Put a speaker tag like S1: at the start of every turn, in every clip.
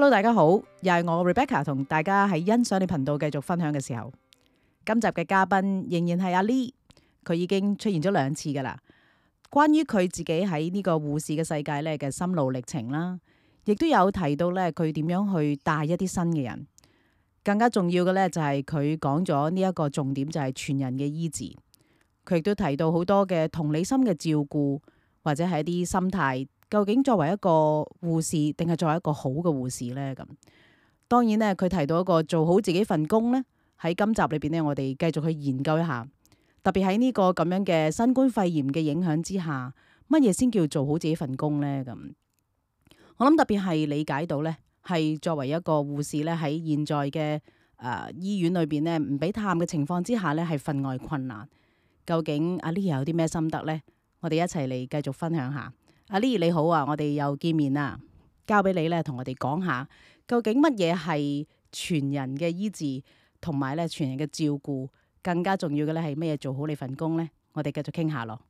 S1: Hello，大家好，又係我 Rebecca 同大家喺欣賞你頻道繼續分享嘅時候，今集嘅嘉賓仍然係阿 Lee，佢已經出現咗兩次㗎喇。關於佢自己喺呢個護士嘅世界咧嘅心路歷程啦，亦都有提到咧佢點樣去帶一啲新嘅人，更加重要嘅咧就係佢講咗呢一個重點就係全人嘅醫治，佢亦都提到好多嘅同理心嘅照顧或者係一啲心態。究竟作為一個護士，定係作為一個好嘅護士呢？咁當然呢，佢提到一個做好自己份工呢。喺今集裏邊呢，我哋繼續去研究一下，特別喺呢個咁樣嘅新冠肺炎嘅影響之下，乜嘢先叫做好自己份工呢？咁、嗯、我諗特別係理解到呢，係作為一個護士呢，喺現在嘅誒、呃、醫院裏邊呢，唔俾探嘅情況之下呢，係分外困難。究竟阿 Lia 有啲咩心得呢？我哋一齊嚟繼續分享下。阿 Lily 你好啊，我哋又見面啦，交俾你咧，同我哋講下究竟乜嘢係全人嘅醫治，同埋咧全人嘅照顧，更加重要嘅咧係咩嘢？做好你份工咧，我哋繼續傾下咯。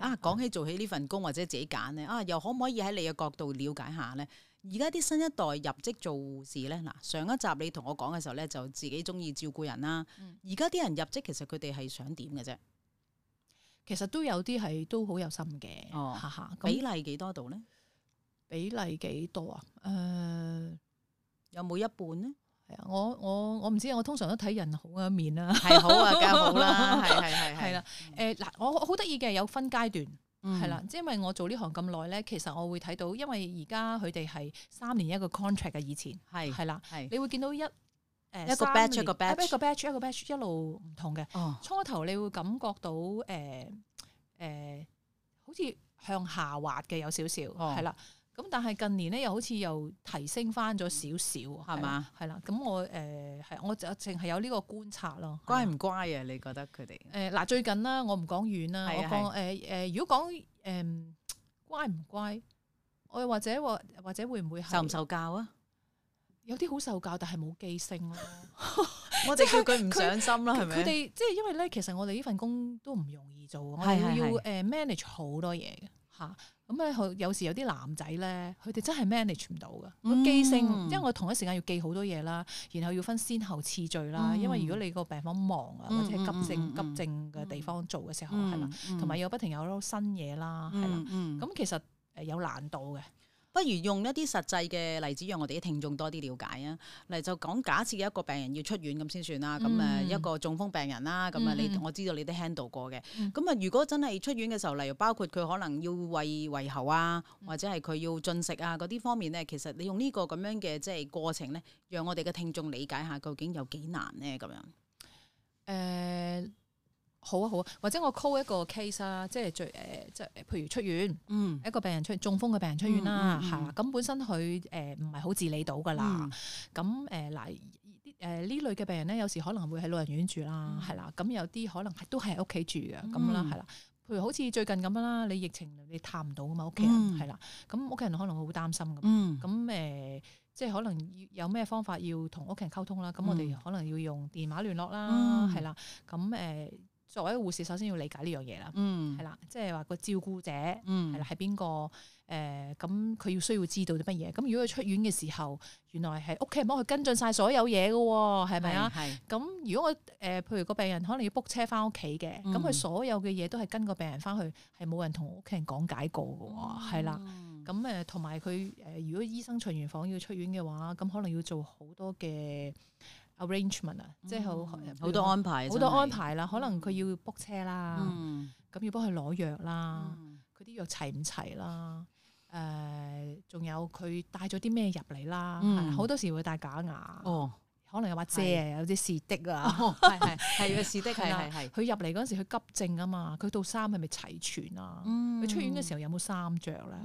S1: 啊，講起做起呢份工或者自己揀咧，啊，又可唔可以喺你嘅角度了解下咧？而家啲新一代入職做護士咧，嗱，上一集你同我講嘅時候咧，就自己中意照顧人啦。而家啲人入職其實佢哋係想點嘅啫？其實
S2: 都有啲係都好有心嘅，哈哈！比例幾多度咧？比例幾多啊？誒，有冇一半咧？係啊，我我我唔知，我通常都睇人好嘅面啦，係好啊，梗係好啦，係係係係啦。誒，嗱，我好得意嘅有分階段，係啦，即係因為我做呢行咁耐咧，其實我會睇到，因為而家佢哋係三年一個 contract 嘅，以前係係啦，係你會見到一。一個 batch 年一個 batch 一個 batch 一個 batch 一路唔同嘅，哦、初頭你會感覺到誒誒、呃呃，好似向下滑嘅有少少，係啦、哦。咁但係近年咧，又好似又提升翻咗少少，係嘛吧？係啦。咁、嗯、我誒係、呃，我就淨係有呢個觀察咯。吧乖唔乖啊？你覺得佢哋？誒嗱、呃，最近啦，我唔講遠啦，我講誒誒，如果講誒乖唔乖，我又或者或者或者會唔會受唔受教啊？有啲好受教，但係冇記性咯、啊。我哋叫佢唔上心啦，係咪？佢哋即係因為咧，其實我哋呢份工都唔容易做，是是是我要要誒、uh, manage 好多嘢嘅嚇。咁咧，佢、嗯、有時有啲男仔咧，佢哋真係 manage 唔到嘅。佢記性，嗯、因為我同一時間要記好多嘢啦，然後要分先後次序啦。嗯、因為如果你個病房忙啊，或者係急症嗯嗯嗯嗯急症嘅地方做嘅時候係啦，同埋又不停有新嘢啦，係、嗯嗯、啦。咁其實誒有難度嘅。不如用
S1: 一啲實際嘅例子，讓我哋啲聽眾多啲了解啊！嚟就講假設有一個病人要出院咁先算啦，咁誒、嗯嗯、一個中風病人啦，咁啊你我知道你都 handle 過嘅，咁啊、嗯、如果真係出院嘅時候，例如包括佢可能要餵胃喉啊，嗯、或者係佢要進食啊嗰啲方面咧，其實你用呢個咁樣嘅即係過程咧，讓我哋嘅聽眾理解下究竟有幾難
S2: 咧咁樣。誒、呃。好啊好啊，或者我 call 一個 case 啦，即係最誒，即係譬如出院，一個病人出中風嘅病人出院啦，嚇咁本身佢誒唔係好自理到噶啦，咁誒嗱，誒呢類嘅病人咧，有時可能會喺老人院住啦，係啦，咁有啲可能都係喺屋企住嘅咁啦，係啦，譬如好似最近咁樣啦，你疫情你探唔到啊嘛，屋企人係啦，咁屋企人可能會好擔心咁，咁誒，即係可能有咩方法要同屋企人溝通啦，咁我哋可能要用電話聯絡啦，係啦，咁誒。作為護士，首先要理解呢樣嘢啦，係啦，即係話個照顧者，係、嗯、啦，係邊個？誒、呃，咁佢要需要知道啲乜嘢？咁如果佢出院嘅時候，原來係屋企人幫佢跟進晒所有嘢嘅，係咪啊？係。咁如果我誒、呃，譬如個病人可能要 book 車返屋企嘅，咁佢所有嘅嘢都係跟個病人返去，係冇人同屋企人講解過嘅喎，係、嗯、啦。咁誒，同埋佢誒，如果醫生巡完房要出院嘅話，咁可能要做好多嘅。arrangement 啊，即係好好多安排，好多安排啦。可能佢要 book 車啦，咁要幫佢攞藥啦。佢啲藥齊唔齊啦？誒，仲有佢帶咗啲咩入嚟啦？好多時會帶假牙，可能有把遮，有啲士的啊，係係係個士的係係係。佢入嚟嗰陣時，佢急症啊嘛，佢套衫係咪齊全啊？佢出院嘅時候有冇衫着咧？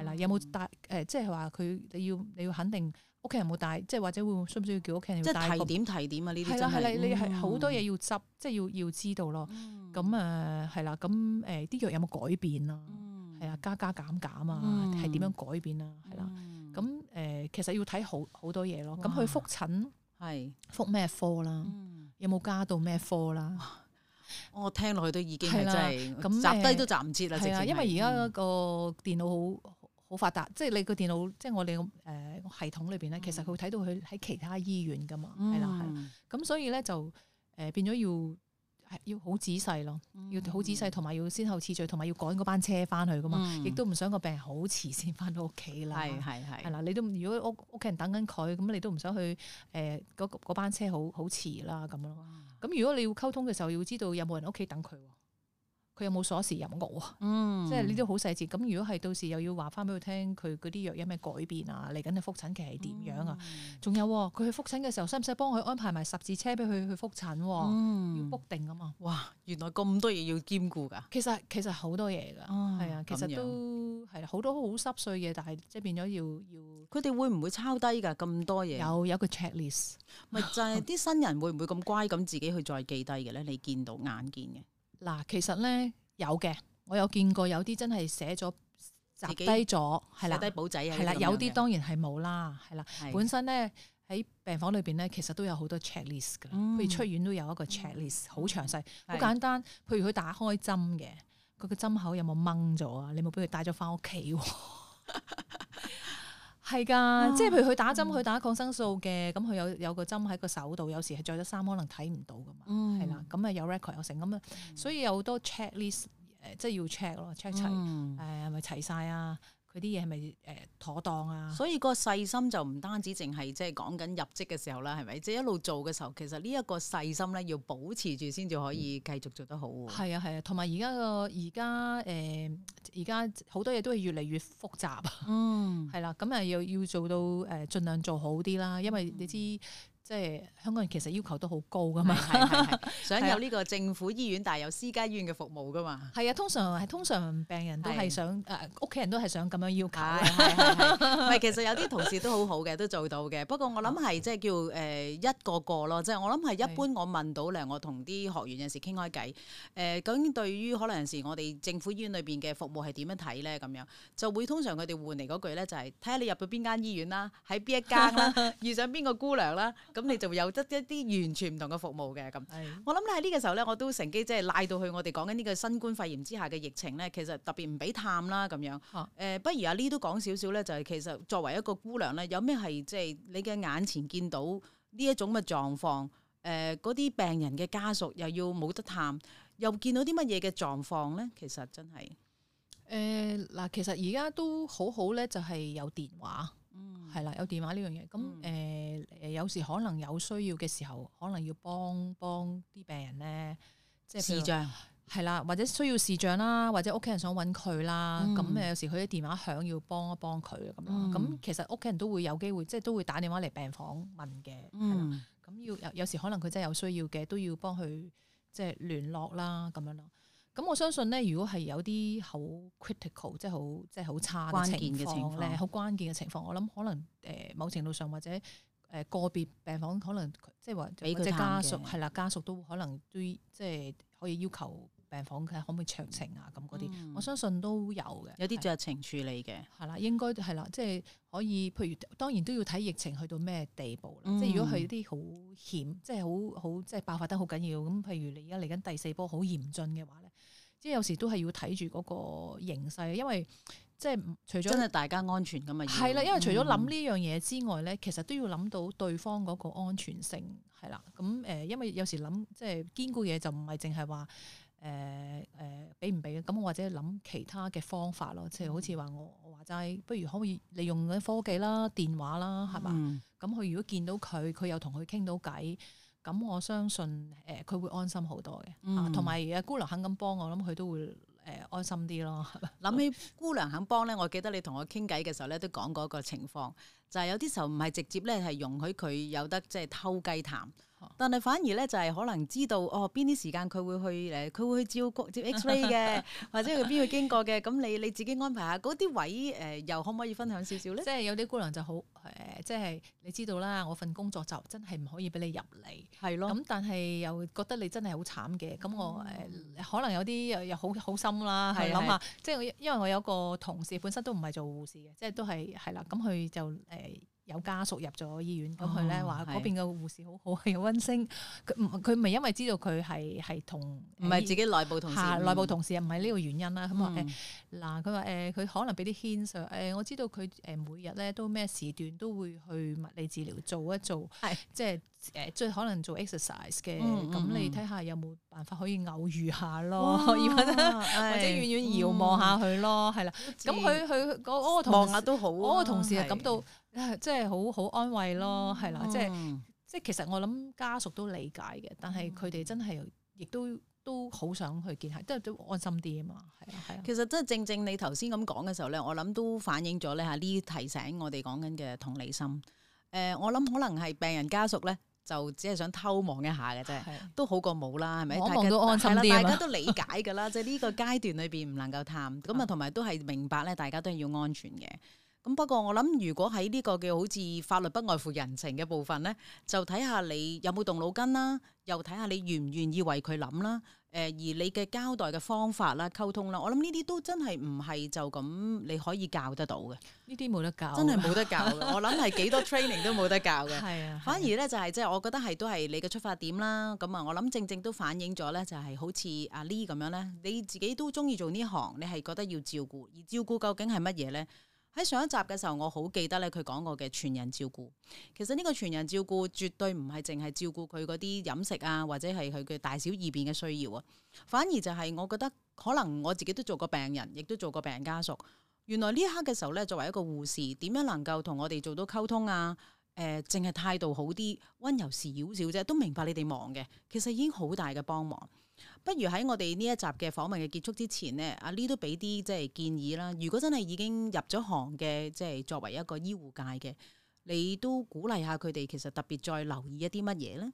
S2: 係啦，有冇帶誒？即係話佢你要你要肯定屋企人有冇帶，即係或者會需唔需要叫屋企人即係提點提點啊？呢啲係啦係啦，你係好多嘢要執，即係要要知道咯。咁誒係啦，咁誒啲藥有冇改變啦？係啊，加加減減啊，係點樣改變啊？係啦，咁誒其實要睇好好多嘢咯。咁佢覆診係覆咩科啦？有冇加到咩科啦？我聽落去都已經係真係，集低都集唔切啦。係因為而家個電腦好。好發達，即係你個電腦，即係我哋個誒系統裏邊咧，嗯、其實佢會睇到佢喺其他醫院噶嘛，係啦、嗯，係啦，咁所以咧就誒變咗要係要好仔細咯，要好仔細，同埋、嗯、要，要先後次序，同埋要趕嗰班車翻去噶嘛，亦、嗯、都唔想個病人好遲先翻到屋企啦，係係的你都如果屋屋企人等緊佢，咁你都唔想去誒嗰、呃、班車好好遲啦咁咯，咁、嗯、如果你要溝通嘅時候，要知道有冇人屋企等佢。佢有冇鎖匙入屋？啊？嗯、即係呢啲好細節。咁如果係到時又要話翻俾佢聽，佢嗰啲藥有咩改變啊？嚟緊嘅復診期係點樣啊？仲、嗯、有佢、啊、去復診嘅時候，使唔使幫佢安排埋十字車俾佢去復診、啊？嗯、要 book 定噶嘛？哇，原
S1: 來咁多嘢要兼顧噶。
S2: 其實其實好多嘢噶，係、嗯、啊，其實都係好多好濕碎嘅，但係即係變咗要要。佢哋會唔會抄低噶咁多嘢？有有個 checklist。咪 就係啲新人
S1: 會唔會咁乖咁自己去再記低嘅咧？你見到眼見嘅。
S2: 嗱，其實咧有嘅，我有見過有啲真係寫咗，摘低咗，係啦的，低簿仔啊，係啦的，有啲當然係冇啦，係啦，的本身咧喺病房裏邊咧，其實都有好多 checklist 噶，嗯、譬如出院都有一個 checklist，好、嗯、詳細，好、嗯、簡單。的譬如佢打開針嘅，佢個針口有冇掹咗啊？你冇俾佢帶咗翻屋企喎。 係噶，啊、即係譬如佢打針，佢打抗生素嘅，咁佢、嗯、有有個針喺個手度，有時係着咗衫，可能睇唔到噶嘛，係啦、嗯，咁啊有 record 有成咁啊，所以有好多 checklist，誒、呃、即係要 check 咯，check 齊，誒係咪齊晒啊？佢啲嘢係咪誒妥當啊？
S1: 所以個細心就唔單止淨係即係講緊入職嘅時候啦，係咪？即係一路做嘅時候，其實呢一個細心咧要保持住先至可以繼續做得好。係、
S2: 嗯、啊，係啊，同埋而家個而家誒而家好多嘢都係越嚟越複雜。嗯，係啦、啊，咁啊要要做到誒、呃、盡量做好啲啦，因為你知。嗯即係香港人其實要求都好高㗎嘛， 想有呢個
S1: 政府醫院，但係有私家醫院嘅服務㗎嘛。係啊，
S2: 通常係通常病人都係想誒，屋企是、啊、人都係想咁樣要求。
S1: 係其實有啲同事都好好嘅，都做到嘅。不過我諗係即係叫誒一個個咯，即、就、係、是、我諗係一般我問到咧是，我同啲學員有時傾開偈誒，究竟對於可能有時我哋政府醫院裏邊嘅服務係點樣睇咧咁樣，就會通常佢哋換嚟嗰句咧就係睇下你入到邊間醫院啦，喺邊一間啦，遇 上邊個姑娘啦。咁你就會有得一啲完全唔同嘅服務嘅咁。的我諗咧喺呢個時候咧，我都乘機即係賴到去我哋講緊呢個新冠肺炎之下嘅疫情咧，其實特別唔俾探啦咁樣。誒、啊呃，不如阿 Lily 都講少少咧，就係、是、其實作為一個姑娘咧，有咩係即係你嘅眼前見到呢一種嘅狀況？誒、呃，嗰啲病人嘅家屬又要冇得探，又見到啲乜嘢嘅狀況咧？其實真係
S2: 誒嗱，其實而家都好好咧，就係、是、有電話，係啦、嗯，有電話呢樣嘢咁誒。嗯嗯誒，有時可能有需要嘅時候，可能要幫幫啲病人咧，即係視像係啦，或者需要視像啦，或者屋企人想搵佢啦，咁、嗯、有時佢啲電話響，要幫一幫佢咁樣。咁、嗯、其實屋企人都會有機會，即係都會打電話嚟病房問嘅。咁、嗯、要有有時可能佢真係有需要嘅，都要幫佢即係聯絡啦，咁樣咯。咁我相信咧，如果係有啲好 critical，即係好即係好差嘅情況，好關鍵嘅情況，我諗可能誒，某程度上或者。誒、呃、個別病房可能即係話俾佢即係家屬係啦，家屬都可能都即係可以要求病房佢可唔可以酌情啊，咁嗰啲，嗯、我相信都有嘅。有啲酌情處理嘅係啦，應該係啦，即係可以，譬如當然都要睇疫情去到咩地步啦。嗯、即係如果係啲好險，即係好好即係爆發得好緊要咁，譬如你而家嚟緊第四波好嚴峻嘅話咧，即係有時都係要睇住嗰個形勢，因為。即係除咗真係大家安全咁啊，係啦是，因為除咗諗呢樣嘢之外咧，嗯、其實都要諗到對方嗰個安全性係啦。咁誒、呃，因為有時諗即係堅固嘢就唔係淨係話誒誒俾唔俾啊。咁、呃呃、或者諗其他嘅方法咯，即、就、係、是、好似話我我話齋，不如可唔可以利用嗰啲科技啦、電話啦，係嘛、嗯？咁佢如果見到佢，佢又同佢傾到偈，咁我相信誒佢、呃、會安心好多嘅。同埋阿姑娘肯咁幫我，諗佢都會。誒安心啲咯，諗
S1: 起姑娘肯幫咧，我記得你同我傾偈嘅時候咧，都講過一個情況，就係、是、有啲時候唔係直接咧，係容許佢有得即係偷雞談。但係反而咧，就係可能知道哦，邊啲時間佢會去誒，佢會去照照 X-ray 嘅，ray 或者佢邊
S2: 度經過嘅，咁你你自己安排下嗰啲位誒、呃，又可唔可以分享少少咧？即係有啲姑娘就好誒、呃，即係你知道啦，我份工作就真係唔可以俾你入嚟，係是咯。咁但係又覺得你真係好慘嘅，咁、嗯、我誒、呃、可能有啲又又好好心啦，係諗是是 下，即係是是 因為我有個同事本身都唔係做護士嘅，即係都係係啦，咁佢、嗯、就誒。嗯嗯嗯嗯嗯有家屬入咗醫院，咁佢咧話嗰邊嘅護士好好，係溫馨。佢唔佢咪因為知道佢係係同唔係自己內部同事，內部同事又唔係呢個原因啦。咁話誒嗱，佢話誒佢可能俾啲 hint 我知道佢誒每日咧都咩時段都會去物理治療做一做，即係誒即係可能做 exercise 嘅。咁你睇下有冇辦法可以偶遇下咯，可以或者遠遠遙望下佢咯，係啦。咁佢佢嗰個望下都好，嗰個同事啊感到。即係好好安慰咯，係啦、嗯，即係即係其實我諗家屬都理解嘅，嗯、但係佢哋真係亦都都好想去見下，都都安心啲啊嘛，係
S1: 啊係啊。其實真係正正你頭先咁講嘅時候咧，我諗都反映咗咧嚇呢提醒我哋講緊嘅同理心。誒、呃，我諗可能係病人家屬咧，就只係想偷望一下嘅啫，的都好過冇啦，係咪？我望都安心啲，大家都理解㗎啦。 即係呢個階段裏邊唔能夠探，咁啊同埋都係明白咧，大家都係要安全嘅。咁不過我諗，如果喺呢個嘅好似法律不外乎人情嘅部分咧，就睇下你有冇動腦筋啦，又睇下你願唔願意為佢諗啦。誒、呃，而你嘅交代嘅方法啦、溝通啦，我諗呢啲都真係唔係就咁你可以教得到嘅。
S2: 呢啲冇得教，真係冇得
S1: 教。 我諗係幾多 training 都冇得教嘅。係 啊，反而咧就係即係我覺得係都係你嘅出發點啦。咁啊，我諗正正都反映咗咧，就係好似阿 Lee 咁樣咧，你自己都中意做呢行，你係覺得要照顧，而照顧究竟係乜嘢咧？喺上一集嘅時候，我好記得咧佢講過嘅全人照顧。其實呢個全人照顧絕對唔係淨係照顧佢嗰啲飲食啊，或者係佢嘅大小二便嘅需要啊。反而就係我覺得，可能我自己都做過病人，亦都做過病人家屬。原來呢一刻嘅時候咧，作為一個護士，點樣能夠同我哋做到溝通啊？誒、呃，淨係態度好啲，溫柔少少啫，都明白你哋忙嘅，其實已經好大嘅幫忙。不如喺我哋呢一集嘅訪問嘅結束之前呢，阿 Li 都俾啲即係建議啦。如果真係已經入咗行嘅，即係作為一個醫護界嘅，你都鼓勵下佢哋，其實特別再留意一啲乜嘢呢？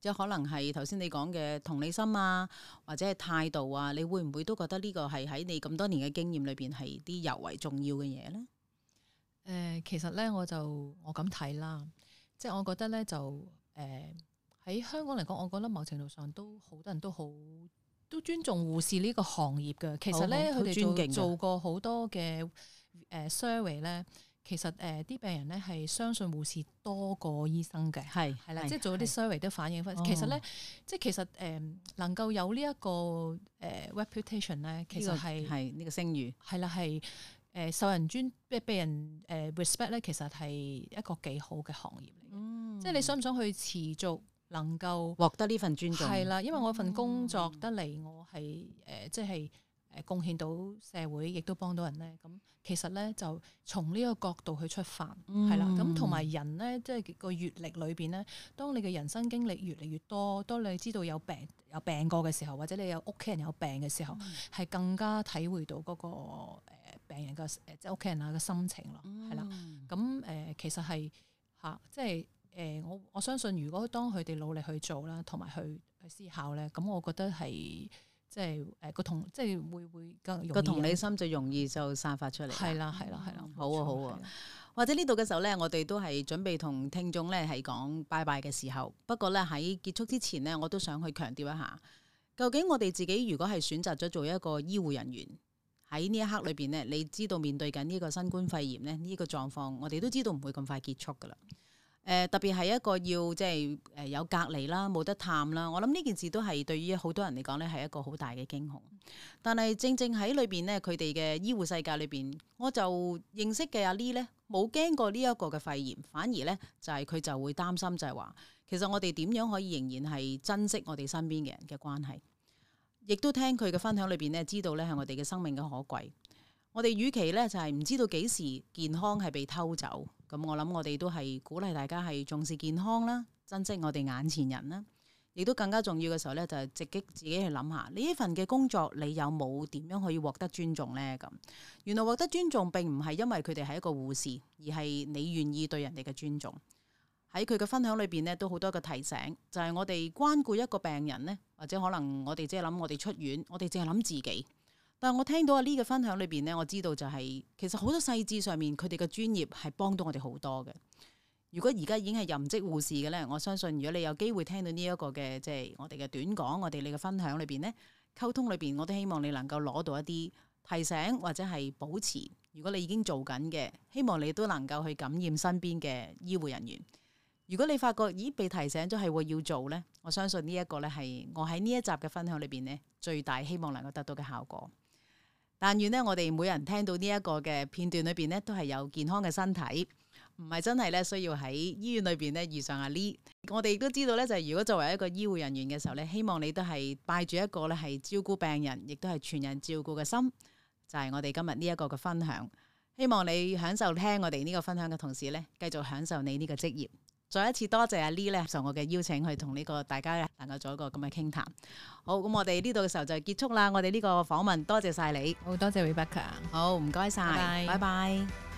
S1: 即可能係頭先你講嘅同理心啊，或者係態度啊，你會唔會都覺得呢個係喺你咁多年嘅經驗裏邊係啲尤為重要嘅嘢呢？誒、
S2: 呃，其實呢，我就我咁睇啦，即係我覺得呢就誒。呃喺香港嚟講，我覺得某程度上都好多人都好都尊重護士呢個行業嘅。其實咧，佢哋做做過好多嘅誒 survey 咧，其實誒啲病人咧係相信護士多過醫生嘅。係係啦，即係做啲 survey 都反映翻。其實咧，即係其實誒能夠有呢一個誒 reputation 咧，其實係係呢個聲譽係啦，係誒受人尊即係被人誒 respect 咧，其實係一個幾好嘅行業嚟嘅。嗯，即係你想唔想去持續？能夠獲得呢份尊重係啦，因為我份工作得嚟，我係誒即係誒貢獻到社會，亦都幫到人咧。咁其實咧，就從呢個角度去出發係啦。咁同埋人咧，即係個閲歷裏邊咧，當你嘅人生經歷越嚟越多，當你知道有病有病過嘅時候，或者你有屋企人有病嘅時候，係、嗯、更加體會到嗰個病人嘅誒即係屋企人啊嘅心情咯，係啦、嗯。咁誒、呃、其實係嚇即係。啊即係誒、欸，我我相信，如果當佢哋努力去做啦，同埋去去思考咧，咁我覺得係即係誒個同即係會會更個同理
S1: 心就容易就散發出嚟。係啦，係啦，係啦，好啊，好啊。的或者呢度嘅時候咧，我哋都係準備同聽眾咧係講拜拜嘅時候。不過咧喺結束之前呢，我都想去強調一下，究竟我哋自己如果係選擇咗做一個醫護人員喺呢一刻裏邊呢，你知道面對緊呢個新冠肺炎咧呢、呢個狀況，我哋都知道唔會咁快結束噶啦。誒特別係一個要即係誒有隔離啦，冇得探啦。我諗呢件事都係對於好多人嚟講咧，係一個好大嘅驚恐。但係正正喺裏邊呢，佢哋嘅醫護世界裏邊，我就認識嘅阿 Lee 咧，冇驚過呢一個嘅肺炎，反而咧就係、是、佢就會擔心就係話，其實我哋點樣可以仍然係珍惜我哋身邊嘅人嘅關係，亦都聽佢嘅分享裏邊咧，知道咧係我哋嘅生命嘅可貴。我哋與其咧就係唔知道幾時健康係被偷走，咁我諗我哋都係鼓勵大家係重視健康啦，珍惜我哋眼前人啦，亦都更加重要嘅時候咧，就係直擊自己去諗下，你呢份嘅工作你有冇點樣可以獲得尊重呢？咁原來獲得尊重並唔係因為佢哋係一個護士，而係你願意對人哋嘅尊重。喺佢嘅分享裏邊呢，都好多個提醒，就係我哋關顧一個病人呢，或者可能我哋即係諗我哋出院，我哋淨係諗自己。但係我聽到阿呢個分享裏邊呢，我知道就係、是、其實好多細節上面佢哋嘅專業係幫到我哋好多嘅。如果而家已經係任職護士嘅呢，我相信如果你有機會聽到呢一個嘅即係我哋嘅短講，我哋你嘅分享裏邊呢，溝通裏邊，我都希望你能夠攞到一啲提醒或者係保持。如果你已經做緊嘅，希望你都能夠去感染身邊嘅醫護人員。如果你發覺咦被提醒咗係會要做呢，我相信呢一個呢係我喺呢一集嘅分享裏邊呢，最大希望能夠得到嘅效果。但願咧，我哋每人聽到呢一個嘅片段裏邊咧，都係有健康嘅身體，唔係真係咧需要喺醫院裏邊咧遇上阿 Lee。我哋都知道咧，就係如果作為一個醫護人員嘅時候咧,希望你都係拜住一個咧係照顧病人，亦都係全人照顧嘅心，就係、是、我哋今日呢一個嘅分享。希望你享受聽我哋呢個分享嘅同時咧，繼續享受你呢個職業。再一次多謝阿 Lee 咧，受我嘅邀請去同呢個大家能夠做一個咁嘅傾談。好，咁我哋呢度嘅時候就結束啦。我哋呢個訪問多謝晒你，好、哦、多謝 Rebecca，好唔該晒！拜拜。Bye bye bye bye。